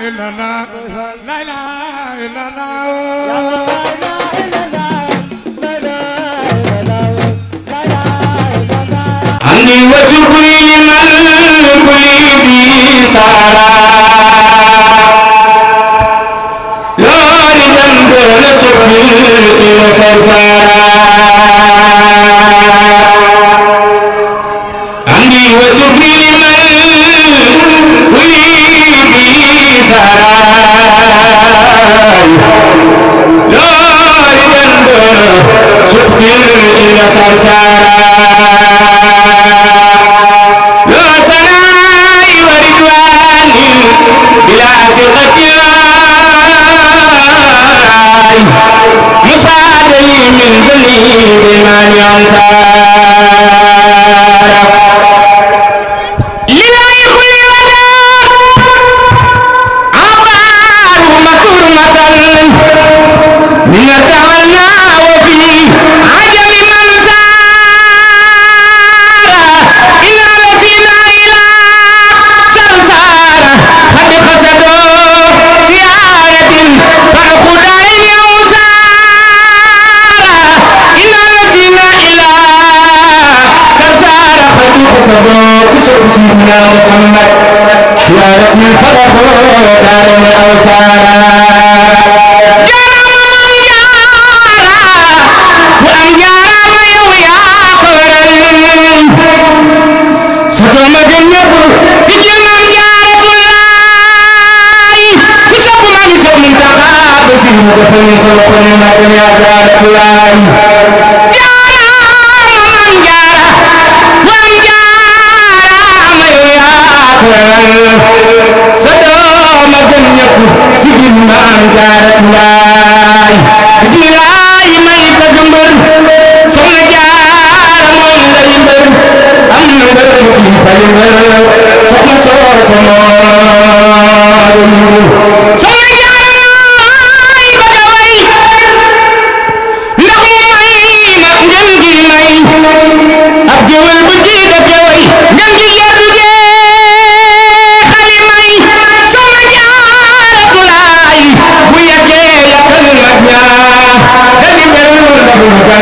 إلا الله لا لا إلا الله أني وجهي من قلبي سارا لو رجل لجبريل سبيل وسرسارا من بلي بمن ينصر دار الأوسارى mu defal ñu sama xol yi ma dem yaa jaara kulaay jaaram jaara maam jaara ma yow yaa kural jaarat mbaay bismilaay may tag mbër soxna jaara moom day mbër am na mbër bu fay mbër soxna soosa moom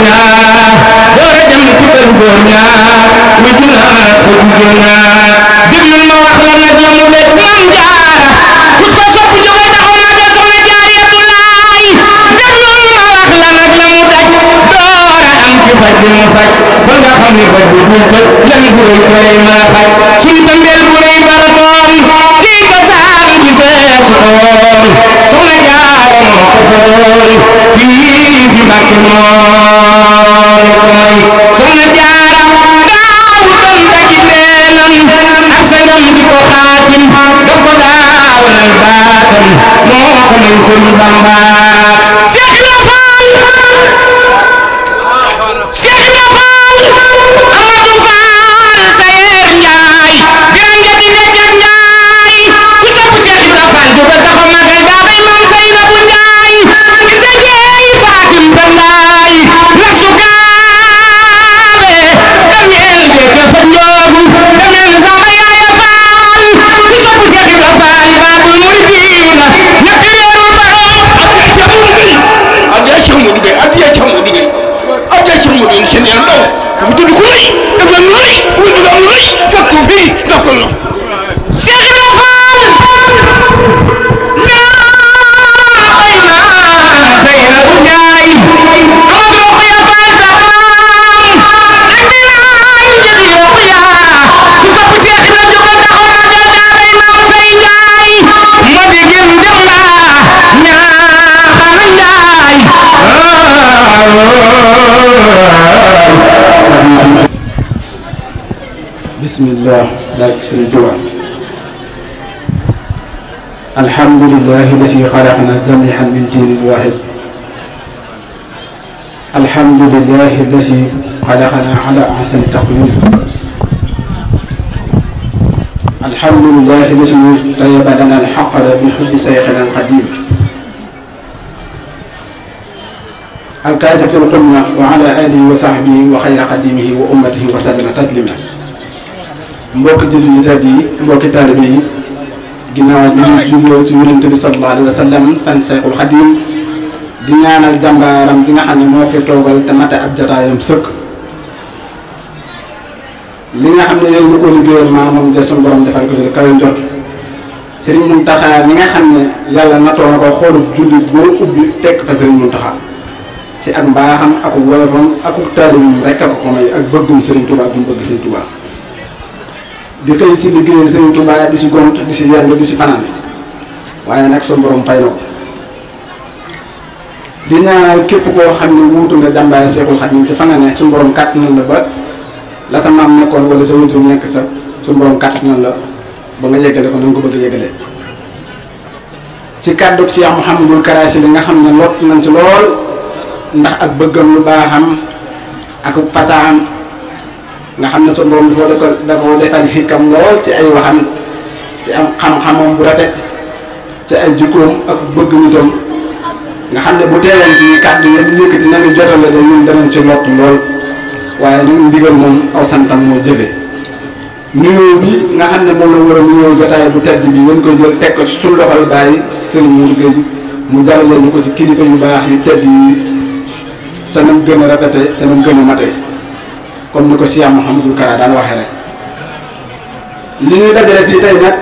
ñaar door a jëm ci kër góor ñaar ma julaat fa jigéen ñaar déglul ma wax la nag la mu bet ñoom jaara mus ko sopp jóge taxaw na ba soxna jaaratullaay déglul ma wax la nag la mu daj door a am ci faj bi mu faj ba nga xam ne faj bi duñ tëj lan bu rëy ko lay mën a faj suñ tëmbeel bu Bye. addiya ci Ahmadu Gueye addiya ci Ahmadu Gueye seen yaram daw mu jënd ku rëy def leen lu rëy wul du am lu rëy fekk ko fii ndax ko بسم الله لا يكسر الجوع الحمد لله الذي خلقنا جميعا من دين واحد الحمد لله الذي خلقنا على احسن تقويم الحمد لله الذي طيب لنا الحق بحب سيقنا القديم الكاشف القمة وعلى آله وصحبه وخير قديمه وأمته وسلم تسليما مبوك دلو يتادي مبوك تالبي جناوة جميلة جميلة تبي صلى الله عليه وسلم سان شيخ الخديم دينانا الجمبارم دينا حني موفي توغل تمتع أبجتا يمسك لنا حمد يوم نقول جوال ما هم جسم برم دفعك الكوين جوت سيرين منتخا لنا حمد يالا نطوانا خورب جولي بو أبي تك فسيرين منتخا ci ak mbaaxam ak wolofam ak taalibam rek a ko may ak bëggum Serigne Touba bu mu bëgg Serigne Touba di xëy ci liggéeyal Serigne Touba di si gont di si yendu di si fanaan waaye nag suñu borom fay na ko di ñaanal képp koo xam ne wuutu nga jàmbaare Seexul Xadiim ci fa nga ne suñu borom kàttanal la ba la sa maam nekkoon wala sa wuutu nekk sa suñu borom kàttanal la ba nga yeggale ko na nga ko bëgg a yeggale ci kàddu ci Cheikh Mouhamadul Karaasi li nga xam ne lot nañ ci lool. ndax ak bëggam lu baaxam ak fataam nga xam ne sa borom da koo da koo defal xikam lool ci ay waxam ci am xam-xamam bu rafet ci ay jikkoom ak bëgg nitam nga xam ne bu teewoon fii kàddu yi di yëkkati na ñu jotale da ñun danañ ci lott lool waaye ñun ndigal moom aw santam moo jëfe nuyoo bi nga xam ne moom la war a nuyoo jotaay bu tedd bi ngeen koy jël teg ko ci suñu loxol bàyyi sëriñ Mour Gueye mu jàllale ñu ko ci kilifa yu baax yu tedd yi sa nam gën a rafetee ca nam gën a matee comme ni ko Cheikh Mouhamadou Kara daan waxee rek li ñuy dajale fii tey nag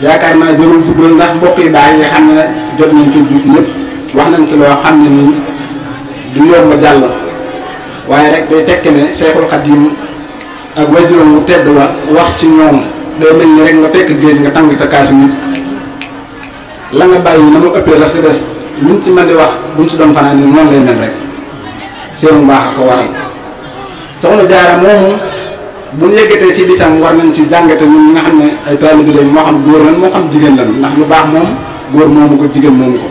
yaakaar naa jarul guddal ndax mbokk yi bàyyi nga xam ne jot nañ ci jub ñëpp wax nañ ci loo xam ne nii du yomb a jàll waaye rek day tekki ne Cheikhul Khadim ak wajuram mu tedd wa wax ci ñoom day mel ni rek nga fekk géej nga tàng sa kaas nit la nga bàyyi na mu ëppee la si des luñ ci mën di wax buñ si doon fanaan nii noonu lay mel rek seen mbaax a ko waral soxna jaara moomu buñ yëggatee ci bisam war nañ ci jàngate ñun nga xam ne ay taalibe lañ moo xam góor lan moo xam jigéen lan ndax lu baax moom góor moomu ko jigéen moomu ko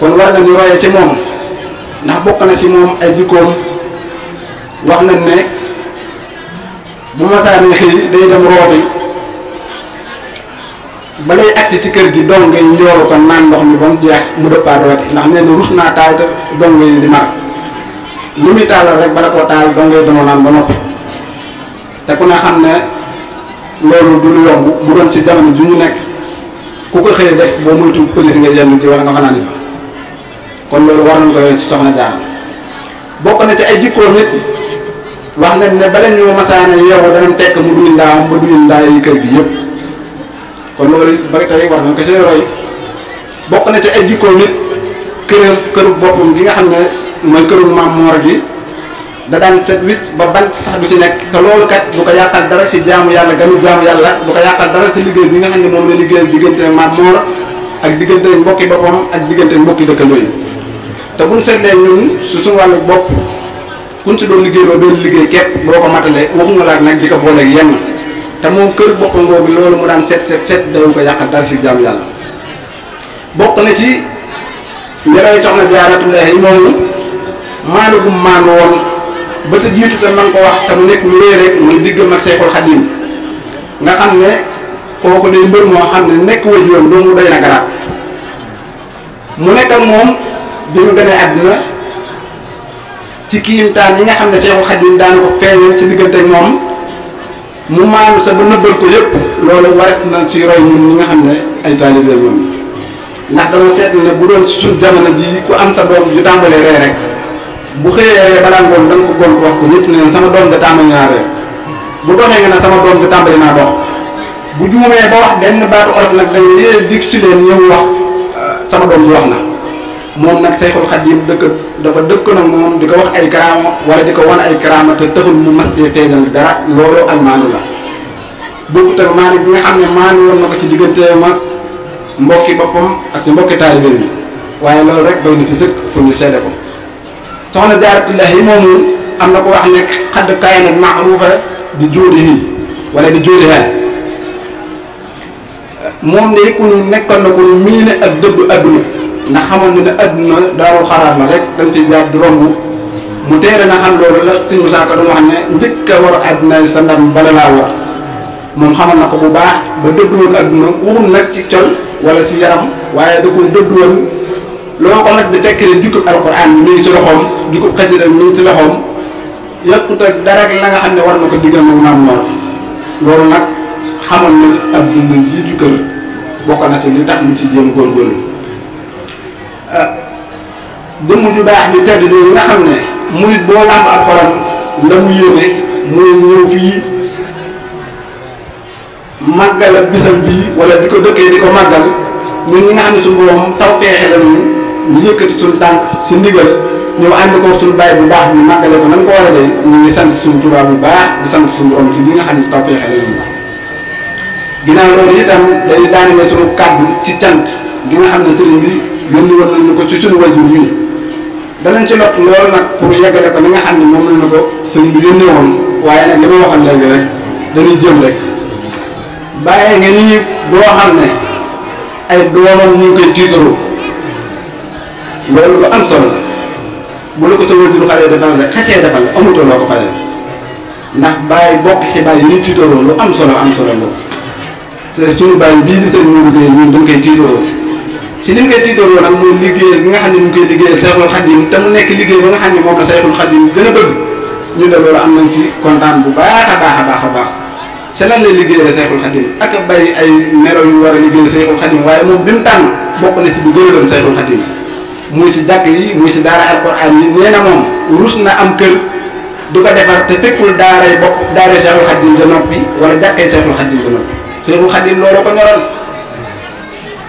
kon war nañu royee ci moom ndax bokk na ci moom ay jikkoom wax nañ ne bu masaane xëy day dem rooti balay acci ci kër gi dong ngay ñoro ko naan ndox mi ba mu jeex mu dëppaat wati ndax nee na rus naa taal te dong ngay di mar li mi taal rek bala koo taal dong ngay do naan ba noppi te ku ne xamne lolu du lu yomb bu doon ci jamm ju ñu nek ku ko xey def muy tu police nga jënd ci wala nga fanaan fa kon lolu war nañ koy ci soxna jaar bokku na ci ay jikko nit wax nañ ne bala ñu masaana da nañ tek mu duy ndaam mu duy ndaa yi kër gi yépp kon loolu bari tey war na ko see roy bokk na ci ay jikkoom nit këram këru boppam gi nga xam ne mooy këru maam moor gi da daan set wit ba bant sax du ci nekk te loolu kat du ko yàqal dara si jaamu yàlla ganu jaamu yàlla du ko yàqal dara si liggéey bi nga xam ne moom la liggéeyal diggante maam moor ak diggante mbokki boppam ak diggante mbokki dëkkandoo yi te buñ seetlee ñun su suñu wàllu bopp kuñ si doon liggéey ba benn liggéey képp boo ko matalee waxuma laak nag di ko booleeg te moom kër boppam googu loolu mu daan seet seet seet daw ko yàqal dara si jàmm yàlla bokk na ci njëriñ soxna Jaaratullaahi moomu maandu gu maandu woon ba te jiitu te man ko wax te mu nekk lu réer rek muy diggam ak Seexul Xadiim nga xam xam ne mu nekk moom bi mu gënee àddina ci kiimtaan yi nga xam ne Seexul Xadiim daan ko feeñal ci diggante ak moom. mu maanu sa ba nëbbal ko yëpp loolu waret nañ ci roy ñun ñi nga xam ne ay taalibe moom ndax dama seet ne bu doon suñ jamano ji ku am sa doom yu tàmbalee ree rek bu xëyee ree da ko ko wax ñëpp sama doom ja tàmbali naa ree bu doxee nga ne sama doom ja tàmbali naa dox bu juumee ba wax benn baatu olof nag dañ yee dig ci leen ñëw wax sama doom ji wax na moom nag Sayxul Xadiim dëkk dafa dëkk nag moom di ko wax ay karaama wala di ko wan ay karaama te taxul mu mas cee feeñal dara loolu ak maanu la bokkut ak maanu bi nga xam ne maanu woon na ko ci digganteem ak mbokki boppam ak si mbokki taalibe bi waaye loolu rek bay na si sëkk pour ñu soxna Jaaratullaahi moomu am na ko wax nekk xadd di jóodihi wala di jóodiha moom de ku ñu nekkoon na ku ñu miine ak dëgg adduna ndax xamoon na ne adduna daarul xaraar la rek dañ ciy jaar di romb mu teere na xam loolu la si musaaka doon xam ne njëkk a war adduna sa ndam bala laa war moom xamoon na ko bu baax ba dëdd woon adduna waxul nag ci col wala ci yaram waaye da koo dëdd ko nag di tekki ne jukkub alquran mi ngi ci loxoom jukkub xasida mi ngi ci loxoom yàqut ak dara la xam ne war na ko diggal moom maam moor loolu nag xamoon na ab dund ji jukkal bokk na ci li tax mu ci jéem góorgóorlu Ah, jëmm ju baax di tedd yooyu nga xam ne murit boo làmb ak xolam la mu yéene mooy ñëw fii màggal ak bisam bii wala di ko dëkkee di ko màggal ñun ñi nga xam ne suñu borom taw feexe la ñu ñu si ndigal ñëw ànd ko bu baax ñu màggale ko nan ko war bu baax di sant suñu borom ci nga xam ne taw feexe la ñu ginnaaw loolu itam dañu daanaka suñu kàddu ci cant gi nga xam ne sëriñ bi yónni woon nañ ko ci suñu wajur ñun danañ ci lot lool nag pour yeggale ko ni nga xam ne moom lañ ko sëñ bi waaye nag li ma waxoon léegi rek dañuy jëm rek bàyyi nga nii doo xam ne ay doomam ñu ngi koy tiitaroo loolu lu am solo bu ndax bàyyi bokk si yi ñuy solo am solo loolu te suñu bàyyi bii di seen ñu liggéey ñun dañ koy tiitaroo si liñ koy tiitaroo nag mooy liggéey bi nga xam ne ñu ngi koy liggéeyal Seexul Xadim te mu nekk liggéey ba nga xam ne moom la Seexul Xadim gën a bëgg ñu ne loolu am nañ ci kontaan bu baax a baax a baax a baax si lan lay sa Seexul Xadim ak bari ay melo yu war a liggéeyal Seexul Xadim waaye moom bi mu tànn bokk na ci bu gën a doon Seexul muy si jàkk yi muy si daara alquran yi nee na moom rus na am kër du ko defar te fekkul daaray bokk daaray Seexul Xadim ja noppi wala jàkkee Seexul Xadim ja noppi Seexul Xadim loolu ko ñoroon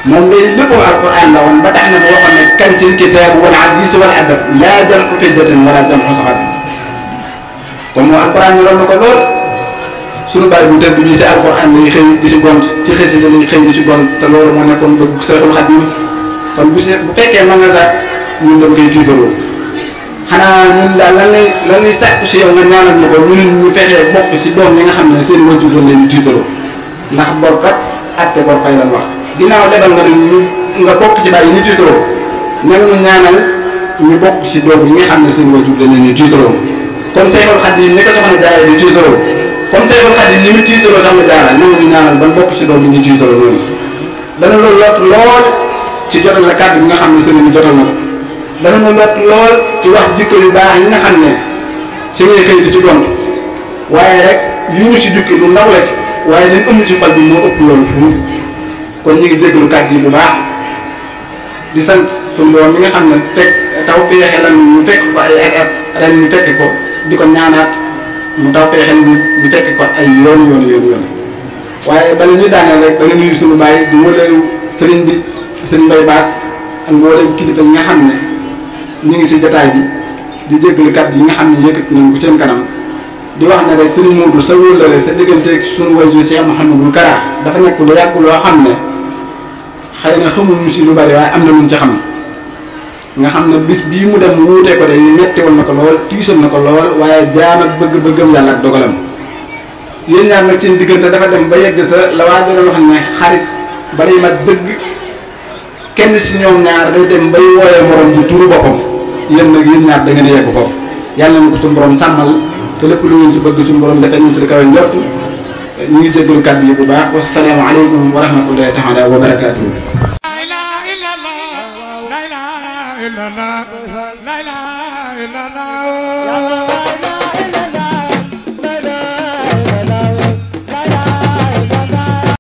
moom day lépp alquran la ba tax na boo xam ne kan ci kitaab wala hadis wala adab laa jam'u fiddatin wala jam'u saxaat kon moom alquran ñu doon ko lool suñu bàyyi bu tëdd bi ci lay xëy di si gont ci xësi la lay xëy di si gont te loolu moo nekkoon dëgg Seexul Xadiim kon bu see bu fekkee mën nga daal ñun dañ koy tiitaroo xanaa ñun daal lan lay lan lay sàkku si yow nga ñaanal ñu ko ñun ñu fexee si doom yi nga xam ne seen wajur doon leen tiitaroo ndax bor kat atte bor fay lan wax ginnaaw lebal nga ñu nga bokk ci bàyyi ñu tiitaroo nan ñu ñaanal ñu bokk ci doom yi nga xam ne seen wajur dañ leen ñu tiitaroo comme Seydou Khadim ni ko soxna Jaara di tiitaroo comme Seydou Khadim ni mu tiitaroo soxna Jaara nan ñu ñaanal ban bokk ci doom yi ñu tiitaroo noonu dana loolu lot lool ci jotal la kàddu bi nga xam ne sëriñ bi jotal na ko dana na lot lool ci wax jikko yu baax yi nga xam ne si ngay xëy di ci gont waaye rek li ñu ci jukki lu ndaw la ci waaye liñ ëmb ci xol bi moo ëpp loolu kon ñu ngi déglu kàddu yi bu baax di sant suñu borom mi nga xam ne fekk taw feexe lan ñu fekk ko ay at ren ñu fekk ko di ko ñaanaat mu taw feexe ñu fekk ko ay yoon yoon yoon yoon waaye bala ñu daaneel rek dana nuyu suñu bàyyi di wóoleelu sëriñ bi sëriñ Mbay Baas ak wóoleelu kilifa yi nga xam ne ñu ngi ci jotaay bi di déglu kàddu yi nga xam ne yëkkat nañ ko seen kanam di wax ne rek sëriñ Moodu sa wóolale sa digganteeg suñu waajur Cheikh Mouhamadou Kara dafa nekk lu yàgg loo xam ne xëy na xamuñu si lu bari waaye am na luñ ci xam nga xam ne bis bii mu dem wuute ko de metti woon na ko lool tiisoon na ko lool waaye jaam ak bëgg-bëggam yàlla ak dogalam yéen ñaar nag seen diggante dafa dem ba yegg sa la waa doon wax ne xarit ba day ma dëgg kenn si ñoom ñaar day dem bay wooyee morom ji turu boppam yéen nag yéen ñaar da ngeen yegg foofu yàlla na ko suñu borom sàmmal te lépp lu ngeen si bëgg suñu borom defee ñu ci li kawe njort ني دغلو والسلام عليكم ورحمه الله تعالى وبركاته